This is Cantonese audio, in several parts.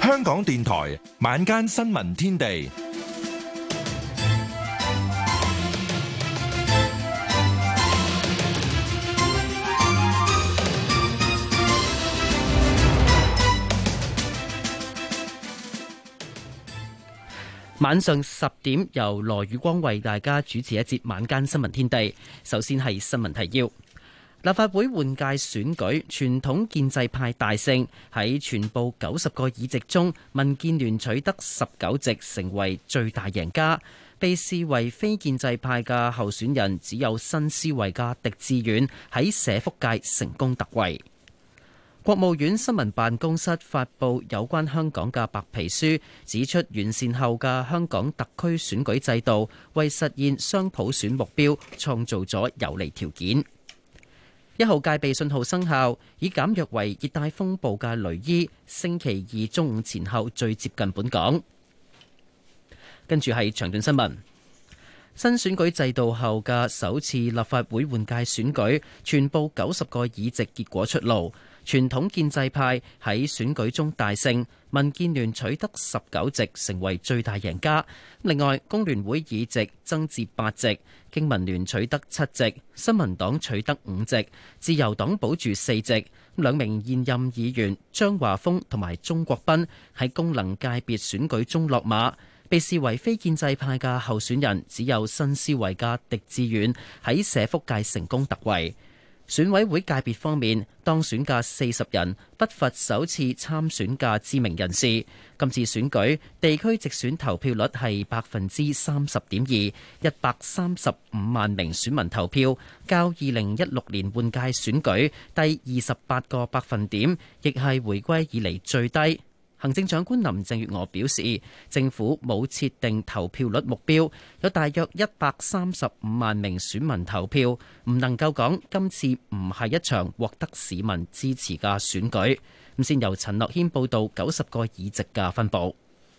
香港電台晚間新聞天地。晚上十點，由羅宇光為大家主持一節晚間新聞天地。首先係新聞提要：立法會換屆選舉，傳統建制派大勝，喺全部九十個議席中，民建聯取得十九席，成為最大贏家。被視為非建制派嘅候選人，只有新思維嘅狄志遠喺社福界成功奪位。國務院新聞辦公室發佈有關香港嘅白皮書，指出完善後嘅香港特區選舉制度，為實現雙普選目標創造咗有利條件。一號戒備信號生效，以減弱為熱帶風暴嘅雷伊，星期二中午前後最接近本港。跟住係詳盡新聞。新選舉制度後嘅首次立法會換屆選舉，全部九十個議席結果出爐。傳統建制派喺選舉中大勝，民建聯取得十九席，成為最大贏家。另外，工聯會議席增至八席，經民聯取得七席，新民黨取得五席，自由黨保住四席。兩名現任議員張華峰同埋鍾國斌喺功能界別選舉中落馬，被視為非建制派嘅候選人只有新思維嘅狄志遠喺社福界成功突圍。選委會界別方面，當選嘅四十人不乏首次參選嘅知名人士。今次選舉地區直選投票率係百分之三十點二，一百三十五萬名選民投票，較二零一六年換屆選舉低二十八個百分點，亦係回歸以嚟最低。行政長官林鄭月娥表示，政府冇設定投票率目標，有大約一百三十五萬名選民投票，唔能夠講今次唔係一場獲得市民支持嘅選舉。咁先由陳諾軒報道九十個議席嘅分佈。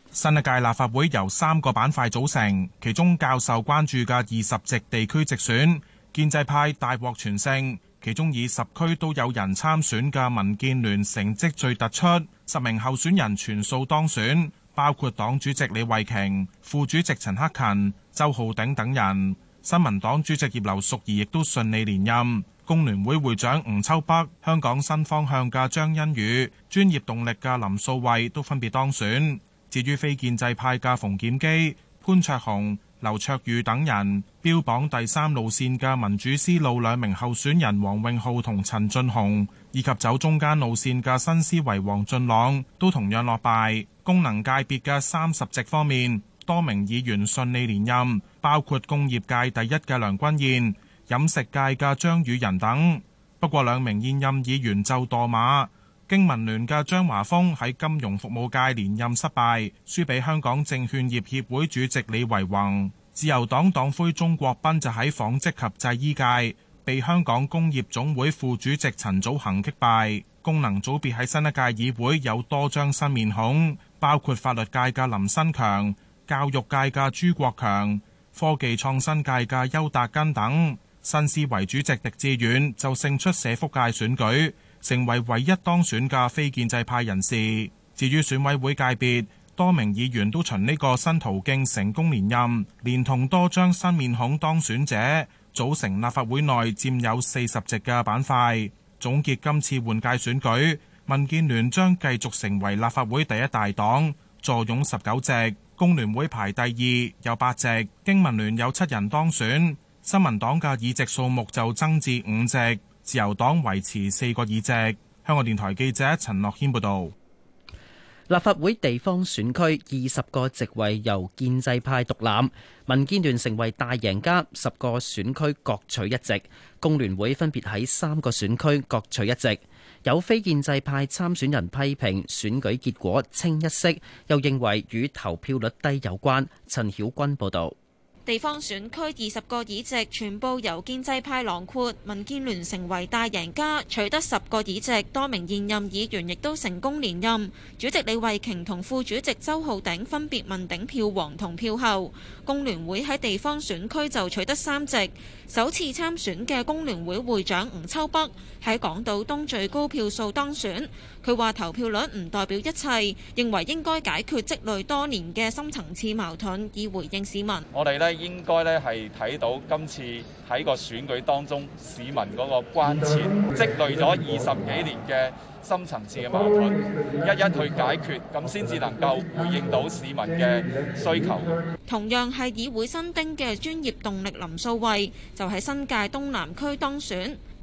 新一屆立法會由三個板塊組成，其中教授關注嘅二十席地區直選，建制派大獲全勝。其中以十區都有人參選嘅民建聯成績最突出，十名候選人全數當選，包括黨主席李慧瓊、副主席陳克勤、周浩鼎等人。新民黨主席葉劉淑儀亦都順利連任，工聯會會長吳秋北、香港新方向嘅張欣宇、專業動力嘅林素慧都分別當選。至於非建制派嘅馮檢基、潘焯鴻、劉卓宇等人標榜第三路線嘅民主思路，兩名候選人黃永浩同陳俊雄，以及走中間路線嘅新思維王俊朗，都同樣落敗。功能界別嘅三十席方面，多名議員順利連任，包括工業界第一嘅梁君彥、飲食界嘅張宇人等。不過，兩名現任議員就墮馬。經文聯嘅張華峰喺金融服務界連任失敗，輸俾香港證券業協會主席李維宏。自由黨黨魁鍾國斌就喺紡織及製衣界被香港工業總會副主席陳祖恒擊敗。功能組別喺新一屆議會有多張新面孔，包括法律界嘅林新強、教育界嘅朱國強、科技創新界嘅邱達根等。新思維主席狄志遠就勝出社福界選舉。成為唯一當選嘅非建制派人士。至於選委會界別，多名議員都循呢個新途徑成功連任，連同多張新面孔當選者，組成立法會內佔有四十席嘅板塊。總結今次換屆選舉，民建聯將繼續成為立法會第一大黨，坐擁十九席；工聯會排第二，有八席；經民聯有七人當選，新民黨嘅議席數目就增至五席。自由黨維持四個議席。香港電台記者陳樂謙報道，立法會地方選區二十個席位由建制派獨攬，民建聯成為大贏家，十個選區各取一席，工聯會分別喺三個選區各取一席。有非建制派參選人批評選舉結果清一色，又認為與投票率低有關。陳曉君報道。地方選區二十個議席全部由建制派囊括，民建聯成為大贏家，取得十個議席，多名現任議員亦都成功連任。主席李慧瓊同副主席周浩鼎分別問鼎票王同票后，工聯會喺地方選區就取得三席。首次參選嘅工聯會會會長吳秋北喺港島東最高票數當選。佢話投票率唔代表一切，認為應該解決積累多年嘅深層次矛盾，以回應市民。應該咧係睇到今次喺個選舉當中，市民嗰個關切，積累咗二十幾年嘅深層次嘅矛盾，一一去解決，咁先至能夠回應到市民嘅需求。同樣係議會新丁嘅專業動力林素慧，就喺新界東南區當選。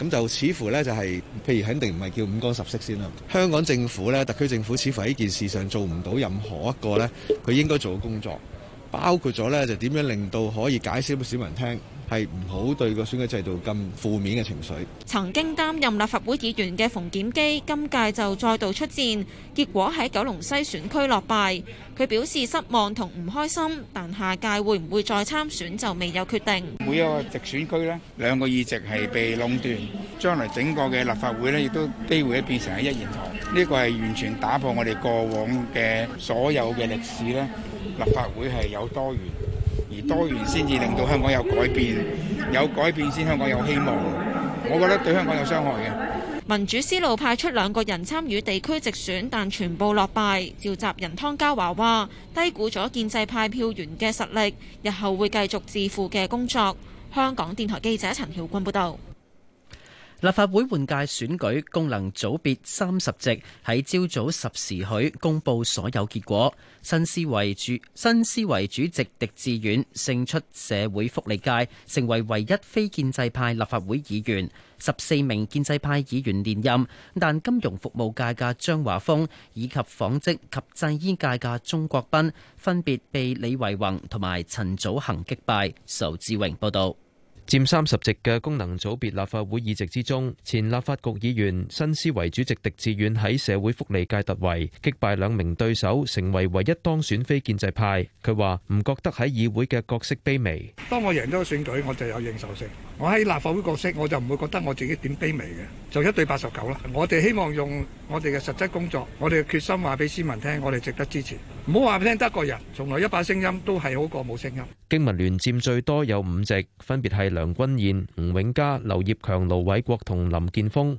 咁就似乎呢、就是，就係譬如肯定唔係叫五光十色先啦。香港政府呢，特區政府似乎喺件事上做唔到任何一個呢，佢應該做嘅工作，包括咗呢，就點樣令到可以解釋俾市民聽。係唔好對個選舉制度咁負面嘅情緒。曾經擔任立法會議員嘅馮檢基，今屆就再度出戰，結果喺九龍西選區落敗。佢表示失望同唔開心，但下屆會唔會再參選就未有決定。每一個直選區呢，兩個議席係被壟斷，將來整個嘅立法會呢，亦都機會咧變成係一言堂。呢個係完全打破我哋過往嘅所有嘅歷史呢，立法會係有多元。而多元先至令到香港有改變，有改變先香港有希望。我覺得對香港有傷害嘅。民主思路派出兩個人參與地區直選，但全部落敗，召集人湯家驊話低估咗建制派票員嘅實力，日後會繼續自負嘅工作。香港電台記者陳曉君報道。立法會換屆選舉功能組別三十席喺朝早十時許公布所有結果，新思維主新思維主席狄志遠勝出社會福利界，成為唯一非建制派立法會議員。十四名建制派議員連任，但金融服務界嘅張華峰以及紡織及製衣界嘅鐘國斌分別被李惟宏同埋陳祖恒擊敗。仇志榮報道。佔三十席嘅功能組別立法會議席之中，前立法局議員新思維主席狄志遠喺社會福利界突圍，擊敗兩名對手，成為唯一當選非建制派。佢話唔覺得喺議會嘅角色卑微。當我贏咗選舉，我就有認受性。我喺立法會角色，我就唔會覺得我自己點卑微嘅。就一對八十九啦。我哋希望用我哋嘅實質工作，我哋嘅決心話俾市民聽，我哋值得支持。唔好話聽得個人，從來一把聲音都係好過冇聲音。經民聯佔最多有五席，分別係兩。梁君彥、吳永嘉、劉業強、盧偉國同林建峰。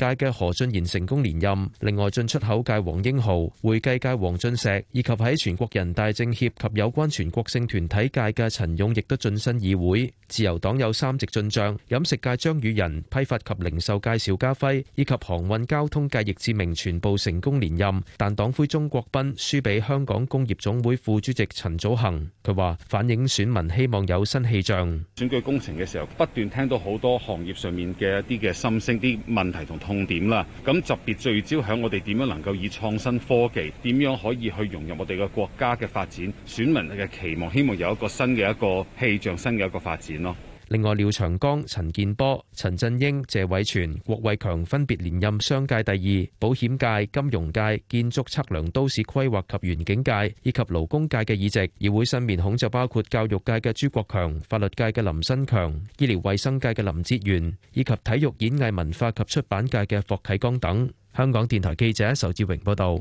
界嘅何俊賢成功連任，另外進出口界黃英豪、會計界黃俊碩以及喺全國人大政協及有關全國性團體界嘅陳勇，亦都晉身議會。自由黨有三席進賬，飲食界張宇人、批發及零售界邵家輝以及航運交通界易志明全部成功連任。但黨魁鍾國斌輸俾香港工業總會副主席陳祖恒。佢話反映選民希望有新氣象。選舉工程嘅時候，不斷聽到好多行業上面嘅一啲嘅心聲，啲問題同。重點啦，咁特別聚焦響我哋點樣能夠以創新科技，點樣可以去融入我哋嘅國家嘅發展，選民嘅期望，希望有一個新嘅一個氣象，新嘅一個發展咯。另外，廖長江、陳健波、陳振英、謝偉全、郭偉強分別連任商界第二、保險界、金融界、建築測量都市規劃及園景界以及勞工界嘅議席。議會新面孔就包括教育界嘅朱國強、法律界嘅林新強、醫療衛生界嘅林哲元，以及體育演藝文化及出版界嘅霍啟剛等。香港電台記者仇志榮報道。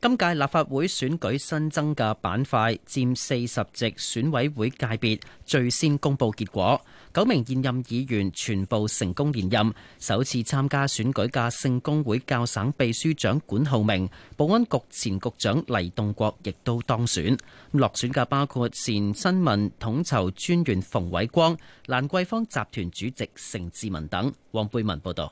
今屆立法會選舉新增嘅板塊，佔四十席選委會界別最先公布結果。九名現任議員全部成功連任。首次參加選舉嘅聖公會教省秘書長管浩明、保安局前局長黎棟國亦都當選。落選嘅包括前新聞統籌專員馮偉光、蘭桂坊集團主席盛智文等。黃貝文報導。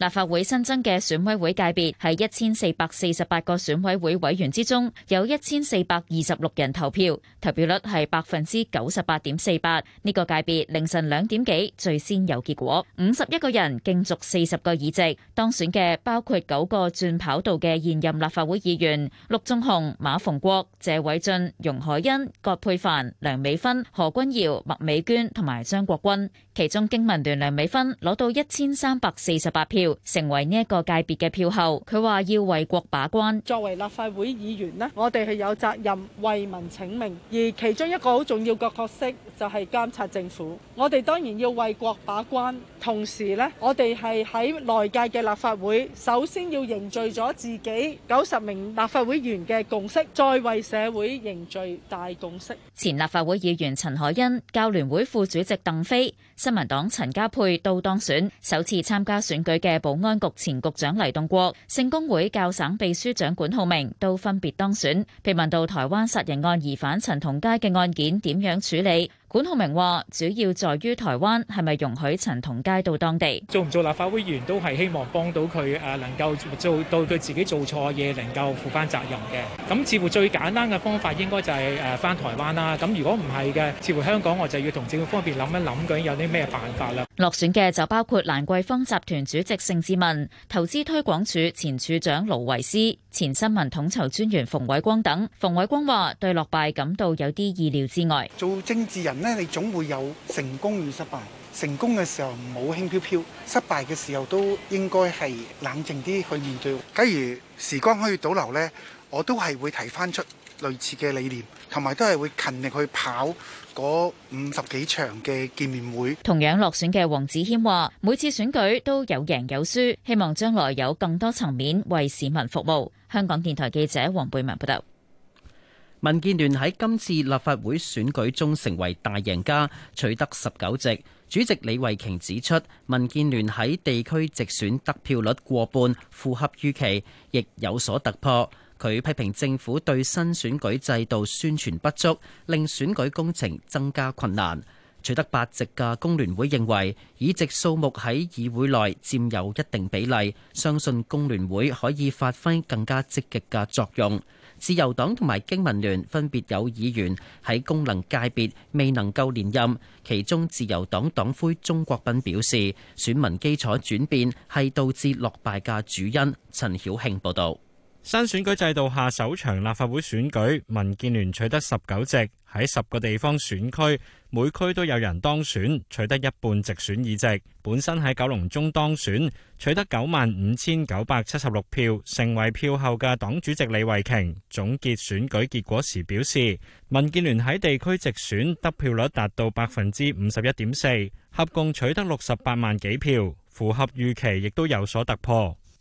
立法會新增嘅選委會界別係一千四百四十八個選委會委員之中，有一千四百二十六人投票，投票率係百分之九十八點四八。呢、這個界別凌晨兩點幾最先有結果，五十一個人競逐四十個議席，當選嘅包括九個轉跑道嘅現任立法會議員：陸頌雄、馬逢國、謝偉俊、容海恩、葛珮帆、梁美芬、何君堯、麥美娟同埋張國鈞。其中經民聯梁美芬攞到一千三百四十八票。成為呢一個界別嘅票后，佢話要為國把關。作為立法會議員咧，我哋係有責任為民請命，而其中一個好重要嘅角色就係監察政府。我哋當然要為國把關，同時咧，我哋係喺內界嘅立法會，首先要凝聚咗自己九十名立法會員嘅共識，再為社會凝聚大共識。前立法會議員陳海恩、教聯會副主席鄧飛。新民黨陳家佩都當選，首次參加選舉嘅保安局前局長黎棟國、聖公會教省秘書長管浩明都分別當選。被問到台灣殺人案疑犯陳同佳嘅案件點樣處理？管浩明話主要在於台灣係咪容許陳同佳到當地做，唔做立法會議員都係希望幫到佢誒，能夠做到佢自己做錯嘢能夠負翻責任嘅。咁似乎最簡單嘅方法應該就係誒翻台灣啦。咁如果唔係嘅，似乎香港我就要同政府方面諗一諗究竟有啲咩辦法啦。落選嘅就包括蘭桂坊集團主席盛智文、投資推廣署前處長盧維斯、前新聞統籌專員馮偉光等。馮偉光話對落敗感到有啲意料之外，做政治人。呢，你總會有成功與失敗。成功嘅時候唔好輕飄飄，失敗嘅時候都應該係冷靜啲去面對。假如時光可以倒流呢，我都係會提翻出類似嘅理念，同埋都係會勤力去跑嗰五十幾場嘅見面會。同樣落選嘅黃子謙話：每次選舉都有贏有輸，希望將來有更多層面為市民服務。香港電台記者黃貝文報道。民建聯喺今次立法會選舉中成為大贏家，取得十九席。主席李慧瓊指出，民建聯喺地區直選得票率過半，符合預期，亦有所突破。佢批評政府對新選舉制度宣傳不足，令選舉工程增加困難。取得八席嘅工聯會認為，議席數目喺議會內佔有一定比例，相信工聯會可以發揮更加積極嘅作用。自由黨同埋經民聯分別有議員喺功能界別未能夠連任，其中自由黨黨魁鍾國斌表示，選民基礎轉變係導致落敗嘅主因。陳曉慶報導。新選舉制度下首場立法會選舉，民建聯取得十九席，喺十個地方選區，每區都有人當選，取得一半直選議席。本身喺九龍中當選，取得九萬五千九百七十六票，成為票后嘅黨主席李慧瓊，總結選舉結果時表示，民建聯喺地區直選得票率達到百分之五十一點四，合共取得六十八萬幾票，符合預期，亦都有所突破。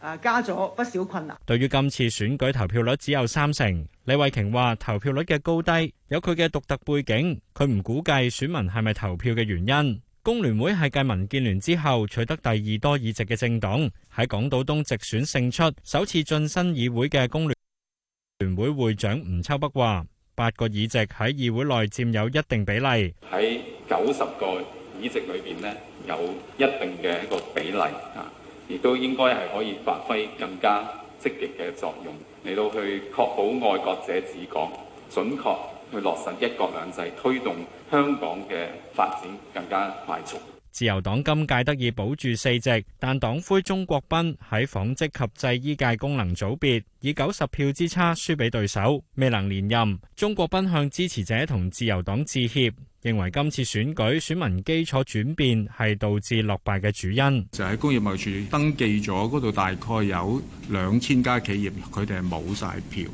誒加咗不少困難。對於今次選舉投票率只有三成，李慧瓊話投票率嘅高低有佢嘅獨特背景，佢唔估計選民係咪投票嘅原因。工聯會係繼民建聯之後取得第二多議席嘅政黨，喺港島東直選勝出，首次晉身議會嘅工聯會會長吳秋北話：八個議席喺議會內佔有一定比例，喺九十個議席裏邊呢有一定嘅一個比例啊。亦都應該係可以發揮更加積極嘅作用，嚟到去確保愛國者治港，準確去落實一國兩制，推動香港嘅發展更加快速。自由黨今屆得以保住四席，但黨魁鍾國斌喺紡織及製衣界功能組別以九十票之差輸畀對手，未能連任。鍾國斌向支持者同自由黨致歉。認為今次選舉選民基礎轉變係導致落敗嘅主因，就喺工業貿易署登記咗嗰度，大概有兩千家企業，佢哋係冇晒票，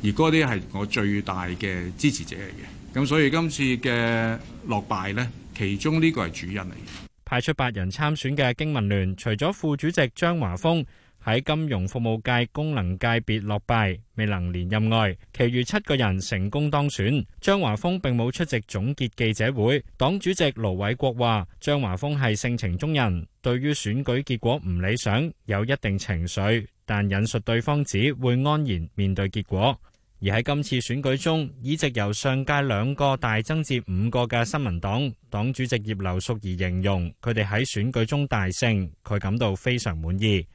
而嗰啲係我最大嘅支持者嚟嘅，咁所以今次嘅落敗呢，其中呢個係主因嚟嘅。派出八人參選嘅經民聯，除咗副主席張華峰。喺金融服務界功能界別落敗，未能連任外，其餘七個人成功當選。張華峰並冇出席總結記者會。黨主席盧偉國話：張華峰係性情中人，對於選舉結果唔理想，有一定情緒，但引述對方只會安然面對結果。而喺今次選舉中，議席由上屆兩個大增至五個嘅新民黨黨主席葉劉淑儀形容，佢哋喺選舉中大勝，佢感到非常滿意。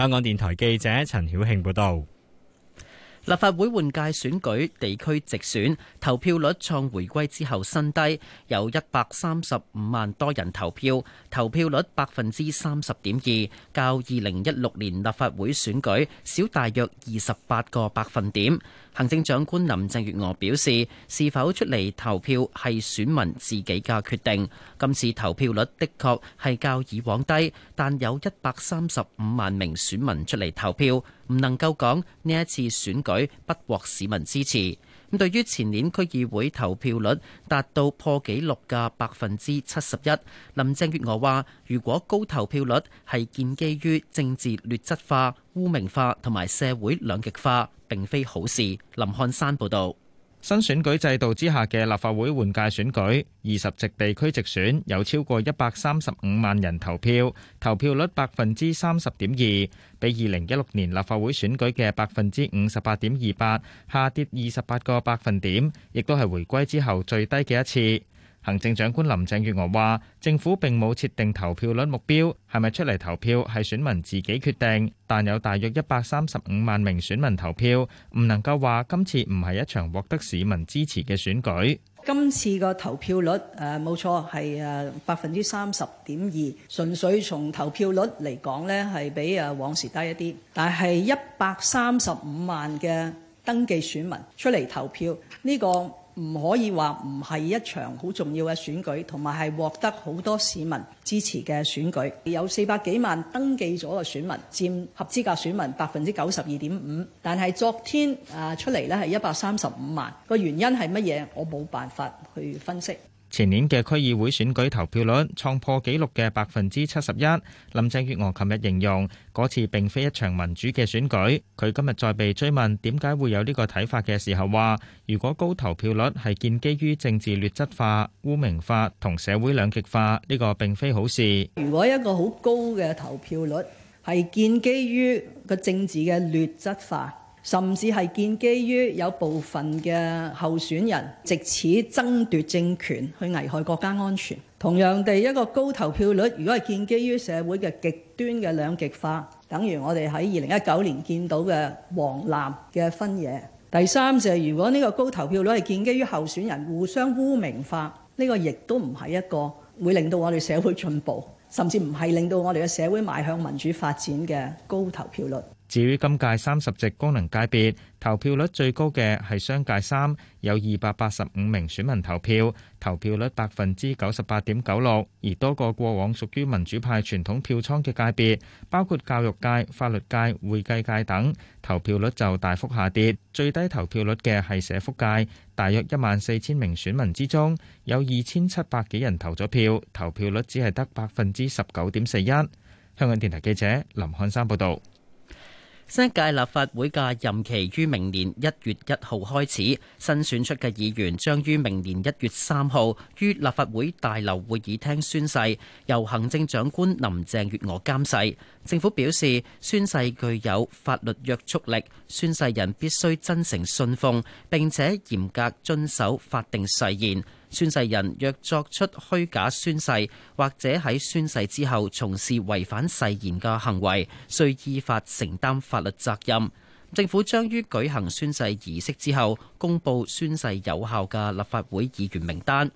香港電台記者陳曉慶報道，立法會換屆選舉地區直選投票率創回歸之後新低，有一百三十五萬多人投票，投票率百分之三十點二，較二零一六年立法會選舉少大約二十八個百分點。行政長官林鄭月娥表示，是否出嚟投票係選民自己嘅決定。今次投票率的確係較以往低，但有一百三十五萬名選民出嚟投票，唔能夠講呢一次選舉不獲市民支持。咁對於前年區議會投票率達到破紀錄嘅百分之七十一，林鄭月娥話，如果高投票率係建基於政治劣質化、污名化同埋社會兩極化。並非好事。林漢山報道，新選舉制度之下嘅立法會換屆選舉，二十席地區直選有超過一百三十五萬人投票，投票率百分之三十點二，比二零一六年立法會選舉嘅百分之五十八點二八下跌二十八個百分點，亦都係回歸之後最低嘅一次。行政長官林鄭月娥話：政府並冇設定投票率目標，係咪出嚟投票係選民自己決定，但有大約一百三十五萬名選民投票，唔能夠話今次唔係一場獲得市民支持嘅選舉。今次個投票率誒冇錯係誒百分之三十點二，純粹從投票率嚟講咧係比誒往時低一啲，但係一百三十五萬嘅登記選民出嚟投票呢個唔可以話唔係一場好重要嘅選舉，同埋係獲得好多市民支持嘅選舉。有四百幾萬登記咗嘅選民，佔合資格選民百分之九十二點五。但係昨天啊出嚟咧係一百三十五萬，個原因係乜嘢？我冇辦法去分析。前年嘅區議會選舉投票率創破紀錄嘅百分之七十一，林鄭月娥琴日形容嗰次並非一場民主嘅選舉。佢今日再被追問點解會有呢個睇法嘅時候話：如果高投票率係建基於政治劣質化、污名化同社會兩極化，呢個並非好事。如果一個好高嘅投票率係建基於個政治嘅劣質化，甚至係建基於有部分嘅候選人藉此爭奪政權，去危害國家安全。同樣地，一個高投票率，如果係建基於社會嘅極端嘅兩極化，等於我哋喺二零一九年見到嘅黃藍嘅分野。第三就係，如果呢個高投票率係建基於候選人互相污名化，呢、呢個亦都唔係一個會令到我哋社會進步，甚至唔係令到我哋嘅社會邁向民主發展嘅高投票率。至於今屆三十席功能界別投票率最高嘅係商界三，有二百八十五名選民投票，投票率百分之九十八點九六。而多個過往屬於民主派傳統票倉嘅界別，包括教育界、法律界、會計界等，投票率就大幅下跌。最低投票率嘅係社福界，大約一萬四千名選民之中，有二千七百幾人投咗票，投票率只係得百分之十九點四一。香港電台記者林漢山報導。新一屆立法會嘅任期於明年一月一號開始，新選出嘅議員將於明年一月三號於立法會大樓會議廳宣誓，由行政長官林鄭月娥監誓。政府表示，宣誓具有法律約束力，宣誓人必須真誠信奉，並且嚴格遵守法定誓言。宣誓人若作出虛假宣誓，或者喺宣誓之後從事違反誓言嘅行為，須依法承擔法律責任。政府將於舉行宣誓儀式之後，公布宣誓有效嘅立法會議員名單。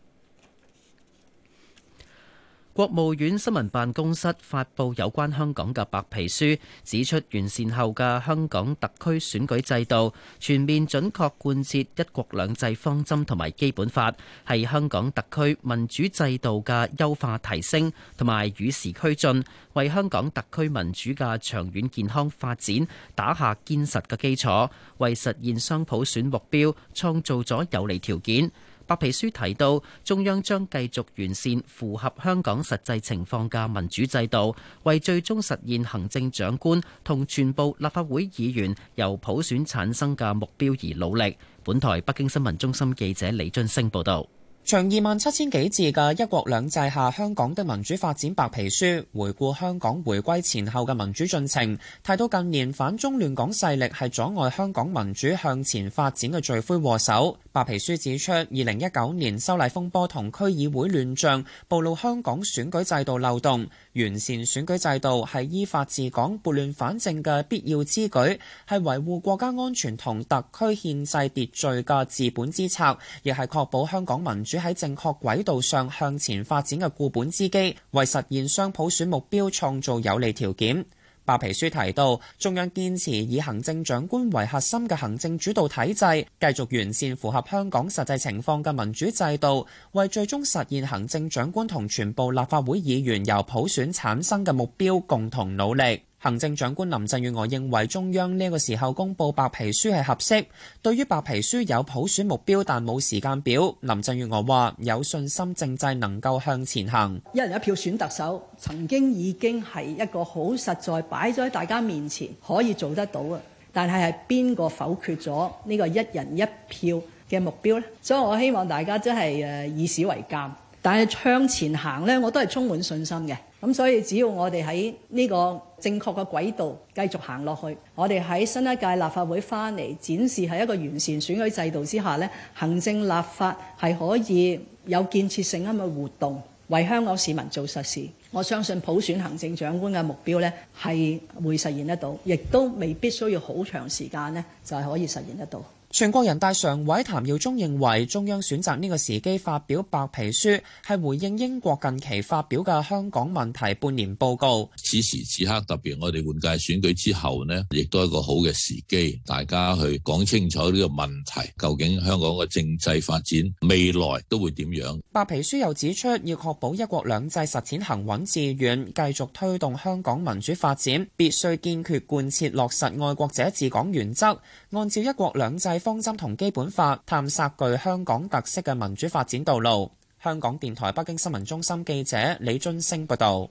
國務院新聞辦公室發布有關香港嘅白皮書，指出完善後嘅香港特區選舉制度，全面準確貫徹一國兩制方針同埋基本法，係香港特區民主制度嘅優化提升同埋與時俱進，為香港特區民主嘅長遠健康發展打下堅實嘅基礎，為實現雙普選目標創造咗有利條件。白皮書提到，中央將繼續完善符合香港實際情況嘅民主制度，為最終實現行政長官同全部立法會議員由普選產生嘅目標而努力。本台北京新聞中心記者李俊升報道。長二萬七千幾字嘅《一國兩制下香港的民主發展白皮書》回顧香港回歸前後嘅民主進程，提到近年反中亂港勢力係阻礙香港民主向前發展嘅罪魁禍首。白皮書指出，二零一九年修例風波同區議會亂象，暴露香港選舉制度漏洞。完善選舉制度係依法治港、撥亂反正嘅必要之舉，係維護國家安全同特區憲制秩序嘅治本之策，亦係確保香港民主喺正確軌道上向前發展嘅固本之基，為實現雙普選目標創造有利條件。白皮書提到，中央堅持以行政長官為核心嘅行政主導體制，繼續完善符合香港實際情況嘅民主制度，為最終實現行政長官同全部立法會議員由普選產生嘅目標，共同努力。行政長官林鄭月娥認為中央呢個時候公布白皮書係合適，對於白皮書有普選目標，但冇時間表。林鄭月娥話：有信心政制能夠向前行，一人一票選特首曾經已經係一個好實在擺咗喺大家面前可以做得到嘅，但係係邊個否決咗呢個一人一票嘅目標呢？所以我希望大家真係誒以史為鑑。但係向前行呢，我都係充滿信心嘅。咁所以只要我哋喺呢個。正確嘅軌道繼續行落去，我哋喺新一屆立法會翻嚟展示喺一個完善選舉制度之下咧，行政立法係可以有建設性咁嘅活動，為香港市民做實事。我相信普選行政長官嘅目標呢，係會實現得到，亦都未必需要好長時間呢，就可以實現得到。全國人大常委譚耀宗認為中央選擇呢個時機發表白皮書，係回應英國近期發表嘅香港問題半年報告。此時此刻，特別我哋換屆選舉之後呢，亦都係一個好嘅時機，大家去講清楚呢個問題，究竟香港嘅政制發展未來都會點樣？白皮書又指出，要確保一國兩制實踐行穩致遠，繼續推動香港民主發展，必須堅決貫徹落實愛國者治港原則，按照一國兩制。方針同基本法，探索具香港特色嘅民主發展道路。香港電台北京新聞中心記者李俊升報道。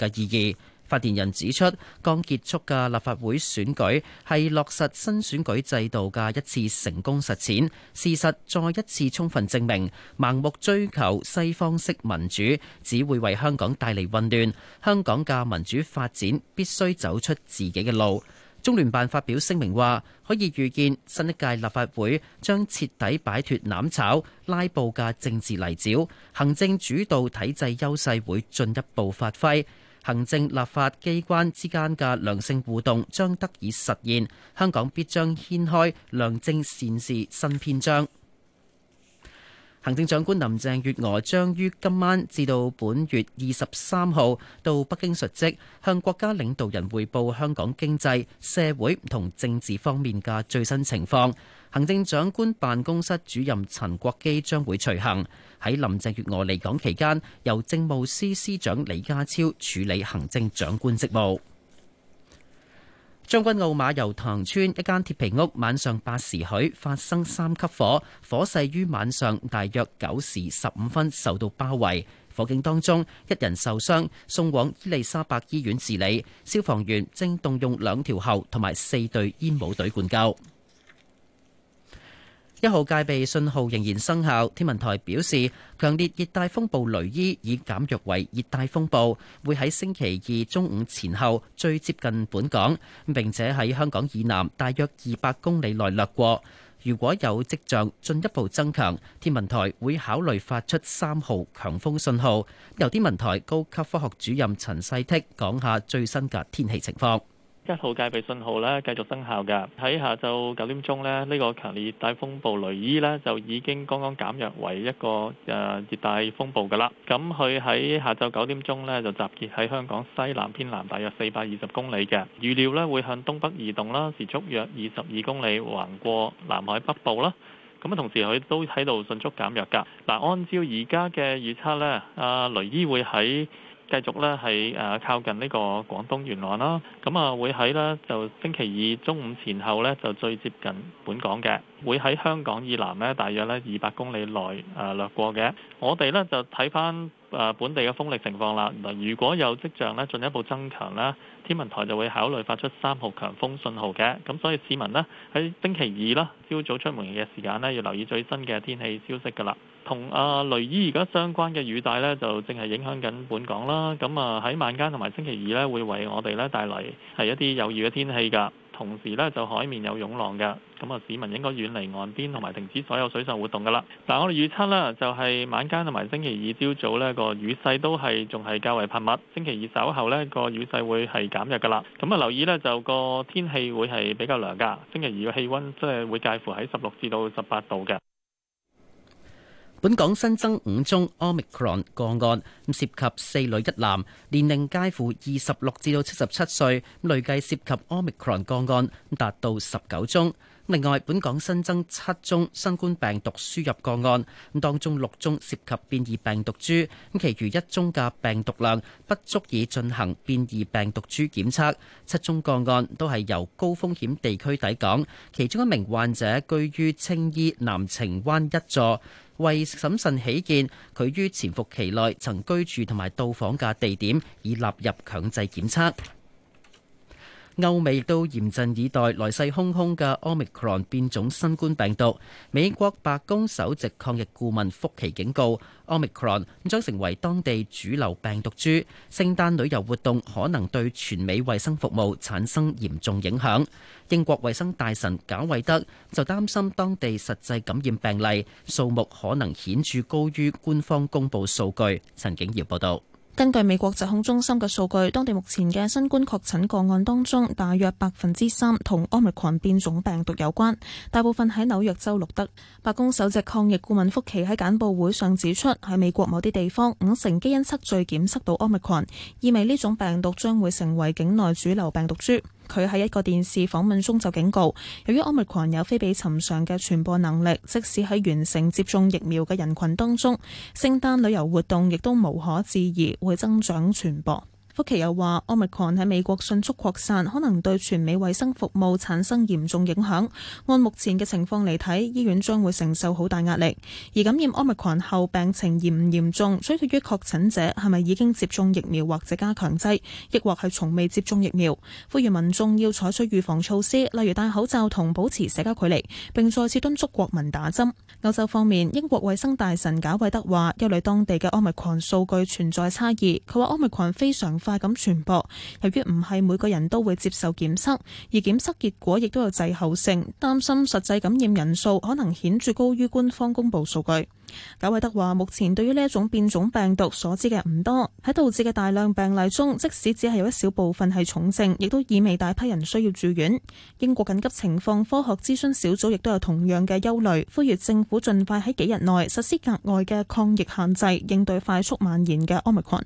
嘅意義，發言人指出，剛結束嘅立法會選舉係落實新選舉制度嘅一次成功實踐，事實再一次充分證明，盲目追求西方式民主，只會為香港帶嚟混亂。香港嘅民主發展必須走出自己嘅路。中聯辦發表聲明話，可以預見新一屆立法會將徹底擺脱攬炒拉布嘅政治泥沼，行政主導體制優勢會進一步發揮。行政立法機關之間嘅良性互動將得以實現，香港必將掀開良政善治新篇章。行政長官林鄭月娥將於今晚至到本月二十三號到北京述職，向國家領導人匯報香港經濟、社會同政治方面嘅最新情況。行政長官辦公室主任陳國基將會隨行。喺林鄭月娥離港期間，由政務司司長李家超處理行政長官職務。將軍澳馬油塘村一間鐵皮屋，晚上八時許發生三級火，火勢於晚上大約九時十五分受到包圍，火警當中一人受傷，送往伊利沙伯醫院治理，消防員正動用兩條喉同埋四隊煙霧隊灌救。一號戒備信號仍然生效。天文台表示，強烈熱帶風暴雷伊已減弱為熱帶風暴，會喺星期二中午前後最接近本港，並且喺香港以南大約二百公里內掠過。如果有跡象進一步增強，天文台會考慮發出三號強風信號。由天文台高級科學主任陳世剔講下最新嘅天氣情況。一號戒備信號咧繼續生效㗎。喺下晝九點鐘咧，呢個強烈熱帶風暴雷伊咧就已經剛剛減弱為一個誒熱帶風暴㗎啦。咁佢喺下晝九點鐘咧就集結喺香港西南偏南大約四百二十公里嘅，預料咧會向東北移動啦，時速約二十二公里橫過南海北部啦。咁啊，同時佢都喺度迅速減弱㗎。嗱，按照而家嘅預測咧，阿雷伊會喺～繼續咧係誒靠近呢個廣東沿岸啦，咁啊會喺呢就星期二中午前後呢，就最接近本港嘅，會喺香港以南呢，大約呢二百公里內誒掠過嘅。我哋呢，就睇返誒本地嘅風力情況啦。嗱，如果有跡象呢，進一步增強啦，天文台就會考慮發出三號強風信號嘅。咁所以市民呢，喺星期二啦，朝早出門嘅時間呢，要留意最新嘅天氣消息㗎啦。同雷伊而家相關嘅雨帶呢，就正係影響緊本港啦。咁啊喺晚間同埋星期二呢，會為我哋呢帶嚟係一啲有雨嘅天氣㗎。同時呢，就海面有湧浪㗎。咁啊市民應該遠離岸邊同埋停止所有水上活動㗎啦。嗱，我哋預測呢，就係晚間同埋星期二朝早呢個雨勢都係仲係較為頻密。星期二稍後呢個雨勢會係減弱㗎啦。咁啊留意呢，就個天氣會係比較涼㗎。星期二嘅氣温即係會介乎喺十六至到十八度嘅。本港新增五宗 Omicron 個案，涉及四女一男，年齡介乎二十六至到七十七歲，累計涉及 Omicron 個案達到十九宗。另外，本港新增七宗新冠病毒輸入個案，當中六宗涉及變異病毒株，咁其餘一宗嘅病毒量不足以進行變異病毒株檢測，七宗個案都係由高風險地區抵港，其中一名患者居於青衣藍澄灣一座。為審慎起見，佢於潛伏期內曾居住同埋到訪嘅地點，已納入強制檢測。歐美都嚴陣以待，來勢洶洶嘅 Omicron 變種新冠病毒。美國白宮首席抗疫顧問福奇警告，Omicron 將成為當地主流病毒株。聖誕旅遊活動可能對全美衛生服務產生嚴重影響。英國衛生大臣賈維德就擔心，當地實際感染病例數目可能顯著高於官方公布數據。陳景堯報道。根據美國疾控中心嘅數據，當地目前嘅新冠確診個案當中，大約百分之三同奧密克戎變種病毒有關，大部分喺紐約州錄得。白宮首席抗疫顧問福奇喺簡報會上指出，喺美國某啲地方，五成基因測序檢測到奧密克戎，意味呢種病毒將會成為境內主流病毒株。佢喺一個電視訪問中就警告，由於 Omicron 有非比尋常嘅傳播能力，即使喺完成接種疫苗嘅人群當中，聖誕旅遊活動亦都無可置疑會增長傳播。福奇又話：奧密克戎喺美國迅速擴散，可能對全美衛生服務產生嚴重影響。按目前嘅情況嚟睇，醫院將會承受好大壓力。而感染奧密克戎後病情嚴唔嚴重，取決於確診者係咪已經接種疫苗或者加強劑，抑或係從未接種疫苗。呼籲民眾要採取預防措施，例如戴口罩同保持社交距離。並再次敦促國民打針。歐洲方面，英國衛生大臣賈偉德話：憂慮當地嘅奧密克戎數據存在差異。佢話奧密克戎非常快咁傳播，由於唔係每個人都會接受檢測，而檢測結果亦都有滯後性，擔心實際感染人數可能顯著高於官方公佈數據。賈偉德話：目前對於呢一種變種病毒所知嘅唔多，喺導致嘅大量病例中，即使只係有一小部分係重症，亦都意味大批人需要住院。英國緊急情況科學諮詢小組亦都有同樣嘅憂慮，呼籲政府盡快喺幾日內實施額外嘅抗疫限制，應對快速蔓延嘅奧密克戎。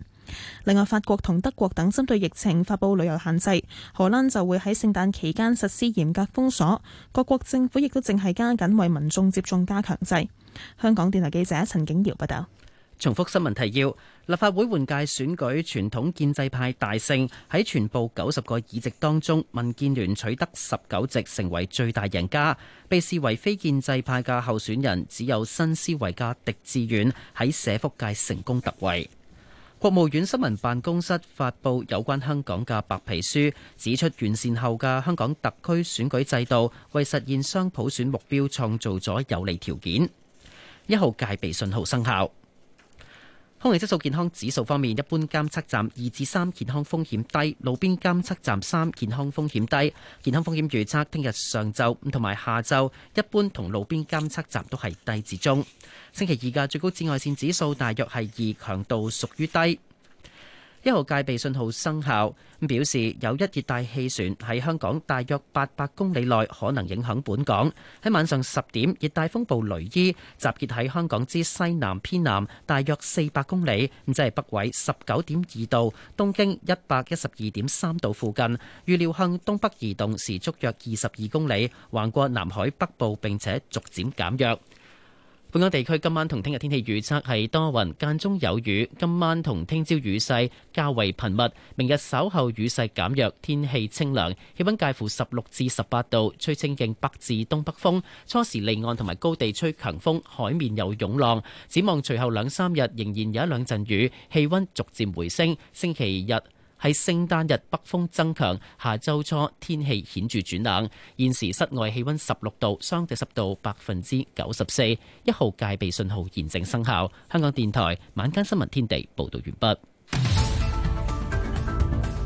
另外，法國同德國等針對疫情發佈旅遊限制，荷蘭就會喺聖誕期間實施嚴格封鎖。各國政府亦都正係加緊為民眾接種加強劑。香港電台記者陳景瑤報道。重複新聞提要：立法會換屆選舉傳統建制派大勝，喺全部九十個議席當中，民建聯取得十九席，成為最大贏家。被視為非建制派嘅候選人只有新思維嘅狄志遠喺社福界成功突圍。國務院新聞辦公室發布有關香港嘅白皮書，指出完善後嘅香港特區選舉制度，為實現雙普選目標創造咗有利條件。一號戒備信號生效。空氣質素健康指數方面，一般監測站二至三，健康風險低，路邊監測站三，健康風險低。健康風險預測聽日上晝同埋下晝一般同路邊監測站都係低至中。星期二嘅最高紫外線指數大約係二，強度，屬於低。一號戒備信號生效，咁表示有一熱帶氣旋喺香港大約八百公里內可能影響本港。喺晚上十點，熱帶風暴雷伊集結喺香港之西南偏南大約四百公里，咁即係北緯十九點二度、東經一百一十二點三度附近。預料向東北移動時速約二十二公里，橫過南海北部，並且逐漸減弱。本港地區今晚同聽日天氣預測係多雲，間中有雨。今晚同聽朝雨勢較為頻密，明日稍後雨勢減弱，天氣清涼，氣溫介乎十六至十八度，吹清勁北至東北風，初時離岸同埋高地吹強風，海面有湧浪。展望隨後兩三日仍然有一兩陣雨，氣溫逐漸回升。星期日。喺聖誕日北風增強，下周初天氣顯著轉冷。現時室外氣温十六度，相對濕度百分之九十四，一號戒備信號現正生效。香港電台晚間新聞天地報道完畢。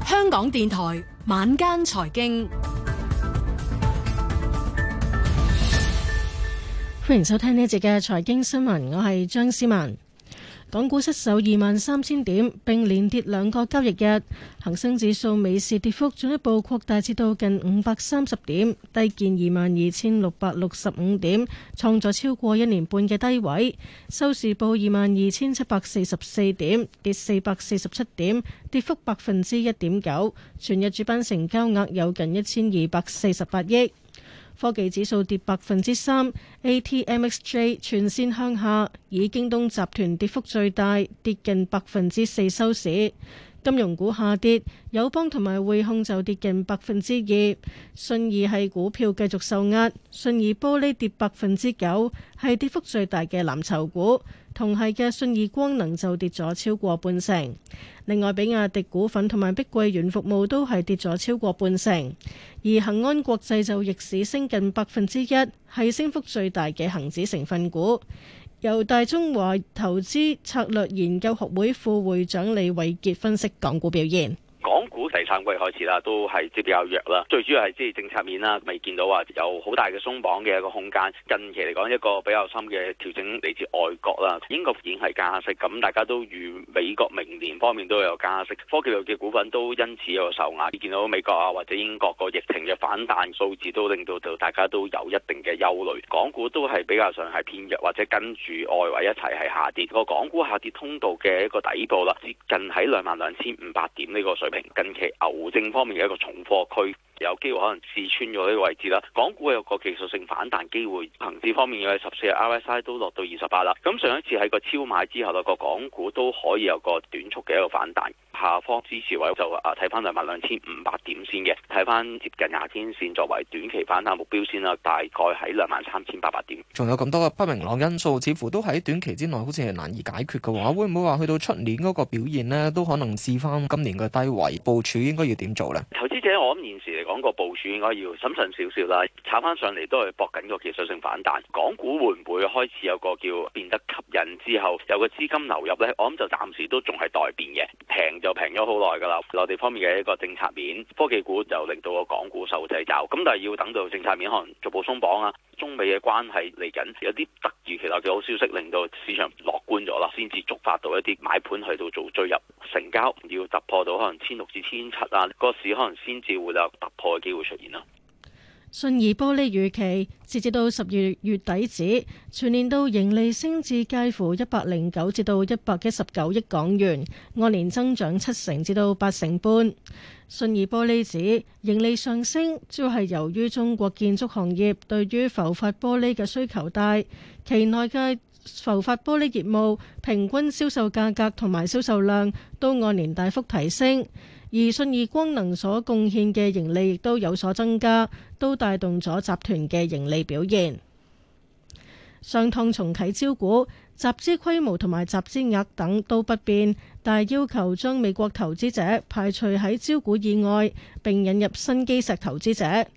香港電台晚間財經，歡迎收聽呢一節嘅財經新聞，我係張思文。港股失守二萬三千點，並連跌兩個交易日，恒生指數尾市跌幅進一步擴大，至到近五百三十點，低見二萬二千六百六十五點，創咗超過一年半嘅低位。收市報二萬二千七百四十四點，跌四百四十七點，跌幅百分之一點九。全日主板成交額有近一千二百四十八億。科技指數跌百分之三，ATMXJ 全線向下，以京東集團跌幅最大，跌近百分之四收市。金融股下跌，友邦同埋匯控就跌近百分之二。信義係股票繼續受壓，信義玻璃跌百分之九，係跌幅最大嘅藍籌股。同系嘅信義光能就跌咗超過半成，另外，比亞迪股份同埋碧桂園服務都係跌咗超過半成，而恒安國際就逆市升近百分之一，係升幅最大嘅恒指成分股。由大中華投資策略研究學會副會長李偉杰分析港股表現。第三季開始啦，都係即係比較弱啦。最主要係即係政策面啦，未見到話有好大嘅鬆綁嘅一個空間。近期嚟講，一個比較深嘅調整嚟自外國啦。英國已經係加息，咁大家都預美國明年方面都有加息。科技類嘅股份都因此有受壓。見到美國啊或者英國個疫情嘅反彈數字，都令到就大家都有一定嘅憂慮。港股都係比較上係偏弱，或者跟住外圍一齊係下跌。個港股下跌通道嘅一個底部啦，接近喺兩萬兩千五百點呢個水平。近係牛證方面嘅一個重貨區，有機會可能試穿咗呢個位置啦。港股有個技術性反彈機會，恒指方面嘅十四日 RSI 都落到二十八啦。咁上一次喺個超買之後啦，個港股都可以有個短促嘅一個反彈。下方支持位就啊睇翻兩萬兩千五百點先嘅，睇翻接近廿天線作為短期反彈目標先啦，大概喺兩萬三千八百點。仲有咁多嘅不明朗因素，似乎都喺短期之內好似係難以解決嘅話，會唔會話去到出年嗰個表現呢？都可能試翻今年嘅低位部署應該要點做呢？投資者，我諗現時嚟講個部署應該要審慎少少啦，炒翻上嚟都係搏緊個技術性反彈。港股會唔會開始有個叫變得吸引之後有個資金流入呢？我諗就暫時都仲係待變嘅，平咗就平咗好耐噶啦，內地方面嘅一個政策面，科技股就令到個港股受制肘，咁但係要等到政策面可能逐步鬆綁啊，中美嘅關係嚟緊有啲突如其來嘅好消息令到市場樂觀咗啦，先至觸發到一啲買盤去到做追入成交，要突破到可能千六至千七啊，那個市可能先至會有突破嘅機會出現啦。信義玻璃預期，截至到十二月底止，全年到盈利升至介乎一百零九至到一百一十九億港元，按年增長七成至到八成半。信義玻璃指盈利上升主要係由於中國建築行業對於浮法玻璃嘅需求大，期內嘅浮法玻璃業務平均銷售價格同埋銷售量都按年大幅提升。而信義光能所貢獻嘅盈利亦都有所增加，都帶動咗集團嘅盈利表現。商湯重啟招股，集資規模同埋集資額等都不變，但要求將美國投資者排除喺招股以外，並引入新基石投資者。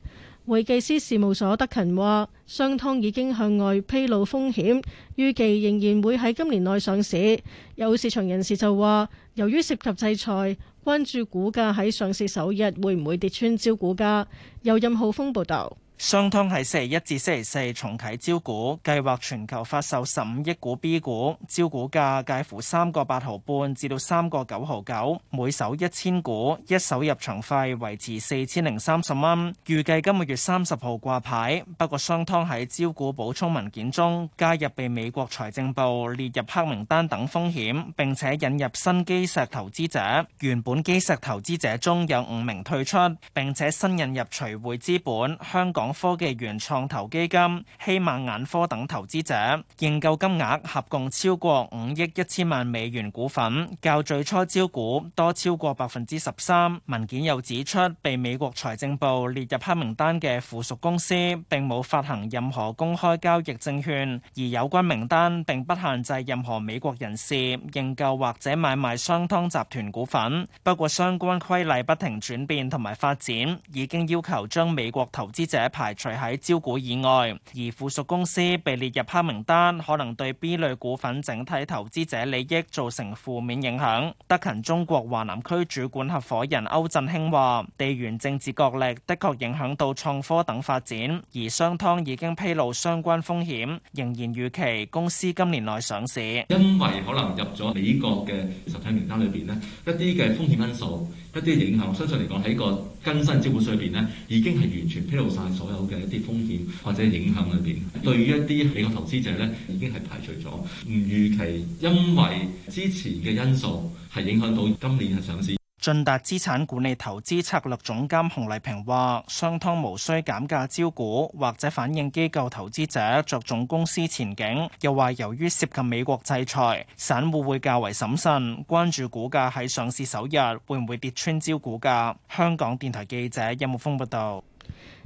會計師事務所德勤話，商湯已經向外披露風險，預計仍然會喺今年內上市。有市場人士就話，由於涉及制裁，關注股價喺上市首日會唔會跌穿招股價？由任浩峰報道。商湯喺星期一至星期四重啟招股，計劃全球發售十五億股 B 股，招股價介乎三個八毫半至到三個九毫九，每手一千股，一手入場費維持四千零三十蚊，預計今個月三十號掛牌。不過商湯喺招股補充文件中加入被美國財政部列入黑名單等風險，並且引入新基石投資者，原本基石投資者中有五名退出，並且新引入徐匯資本、香港。科技園創投基金、希曼眼科等投資者認購金額合共超過五億一千萬美元股份，較最初招股多超過百分之十三。文件又指出，被美國財政部列入黑名單嘅附屬公司，並冇發行任何公開交易證券，而有關名單並不限制任何美國人士認購或者買賣商湯集團股份。不過相關規例不停轉變同埋發展，已經要求將美國投資者排除喺招股以外，而附屬公司被列入黑名單，可能對 B 類股份整體投資者利益造成負面影響。德勤中國華南區主管合伙人歐振興話：地緣政治角力的確影響到創科等發展，而商湯已經披露相關風險，仍然預期公司今年內上市。因為可能入咗美國嘅實體名單裏邊呢，一啲嘅風險因素。一啲影響，相信嚟講喺個更新招股書裏邊咧，已經係完全披露晒所有嘅一啲風險或者影響裏邊，對於一啲美國投資者咧，已經係排除咗，唔預期因為之前嘅因素係影響到今年嘅上市。駿達資產管理投資策略總監洪麗萍話：商湯無需減價招股，或者反映機構投資者着重公司前景。又話由於涉及美國制裁，散戶會,會較為審慎，關注股價喺上市首日會唔會跌穿招股價。香港電台記者任木峰報道。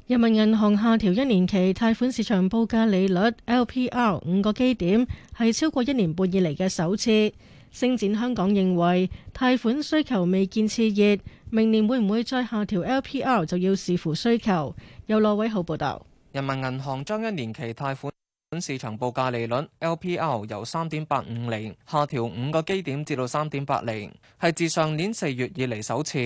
人民銀行下調一年期貸款市場報價利率 LPR 五個基點，係超過一年半以嚟嘅首次。星展香港認為貸款需求未見熾熱，明年會唔會再下調 LPR 就要視乎需求。由羅偉豪報道，人民銀行將一年期貸款本市場報價利率 LPR 由三點八五釐下調五個基點至到三點八釐，係自上年四月以嚟首次。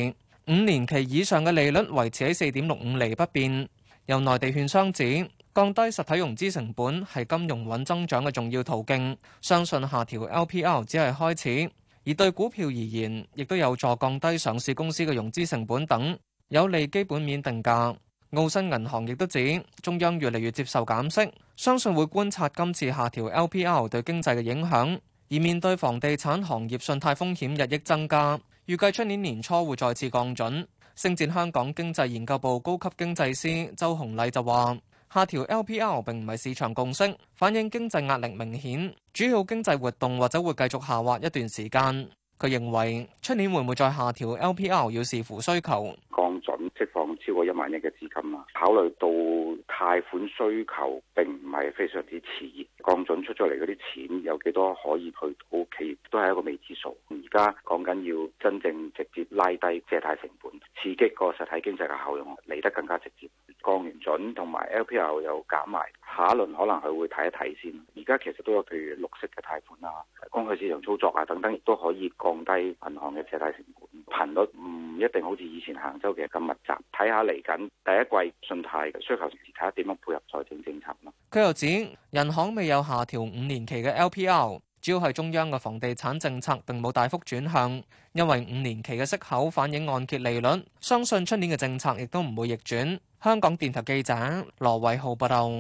五年期以上嘅利率維持喺四點六五釐不變。由內地券商指。降低實體融資成本係金融穩增長嘅重要途徑，相信下調 LPR 只係開始。而對股票而言，亦都有助降低上市公司嘅融資成本等，有利基本面定價。澳新銀行亦都指，中央越嚟越接受減息，相信會觀察今次下調 LPR 對經濟嘅影響。而面對房地產行業，業信貸風險日益增加，預計出年年初會再次降準。星展香港經濟研究部高級經濟師周紅麗就話。下調 LPR 並唔係市場共識，反映經濟壓力明顯，主要經濟活動或者會繼續下滑一段時間。佢認為，出年會唔會再下調 LPR，要視乎需求。降準釋放超過一萬億嘅資金啦，考慮到貸款需求並唔係非常之熾降準出咗嚟嗰啲錢有幾多可以去到企業，都係一個未知數。而家講緊要真正直接拉低借貸成本，刺激個實體經濟嘅效用嚟得更加直接。降完準同埋 LPR 又減埋，下一輪可能佢會睇一睇先。而家其實都有譬如綠色嘅貸款啊、工具市場操作啊等等亦都可以降低銀行嘅借貸成本。頻率唔一定好似以前行週嘅咁密集，睇下嚟緊第一季信貸嘅需求情況點樣配合財政政策咯。佢又指人行未有下調五年期嘅 LPR，主要係中央嘅房地產政策並冇大幅轉向，因為五年期嘅息口反映按揭利率，相信出年嘅政策亦都唔會逆轉。香港電台記者羅偉浩報道。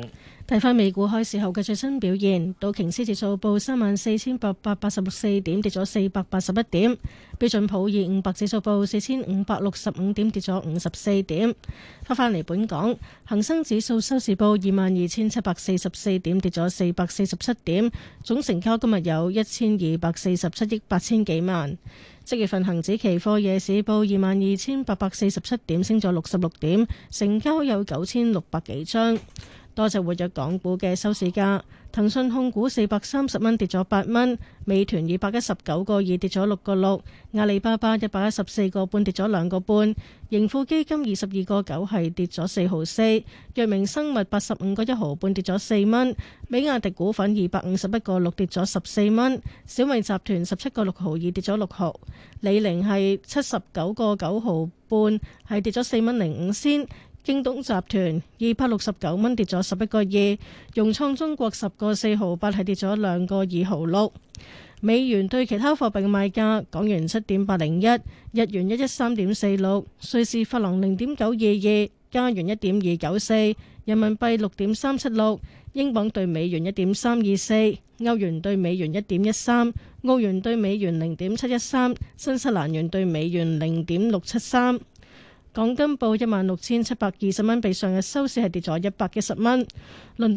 睇翻美股開市後嘅最新表現，道瓊斯指數報三萬四千八百八十四點，跌咗四百八十一點；標準普爾五百指數報四千五百六十五點，跌咗五十四點。翻返嚟本港，恒生指數收市報二萬二千七百四十四點，跌咗四百四十七點。總成交今日有一千二百四十七億八千幾萬。即月份恒指期貨夜市報二萬二千八百四十七點，升咗六十六點，成交有九千六百幾張。多隻活躍港股嘅收市價，騰訊控股四百三十蚊跌咗八蚊，美團二百一十九個二跌咗六個六，阿里巴巴一百一十四個半跌咗兩個半，盈富基金二十二個九係跌咗四毫四，藥明生物八十五個一毫半跌咗四蚊，比亞迪股份二百五十一個六跌咗十四蚊，小米集團十七個六毫二跌咗六毫，李寧係七十九個九毫半係跌咗四蚊零五先。京東集團二百六十九蚊跌咗十一個二。融創中國十個四毫八係跌咗兩個二毫六。美元對其他貨幣嘅賣價：港元七點八零一，日元一一三點四六，瑞士法郎零點九二二，加元一點二九四，人民幣六點三七六，英鎊兌美元一點三二四，歐元兌美元一點一三，澳元兌美元零點七一三，新西蘭元兌美元零點六七三。港金報一萬六千七百二十蚊，比上日收市係跌咗一百一十蚊。倫。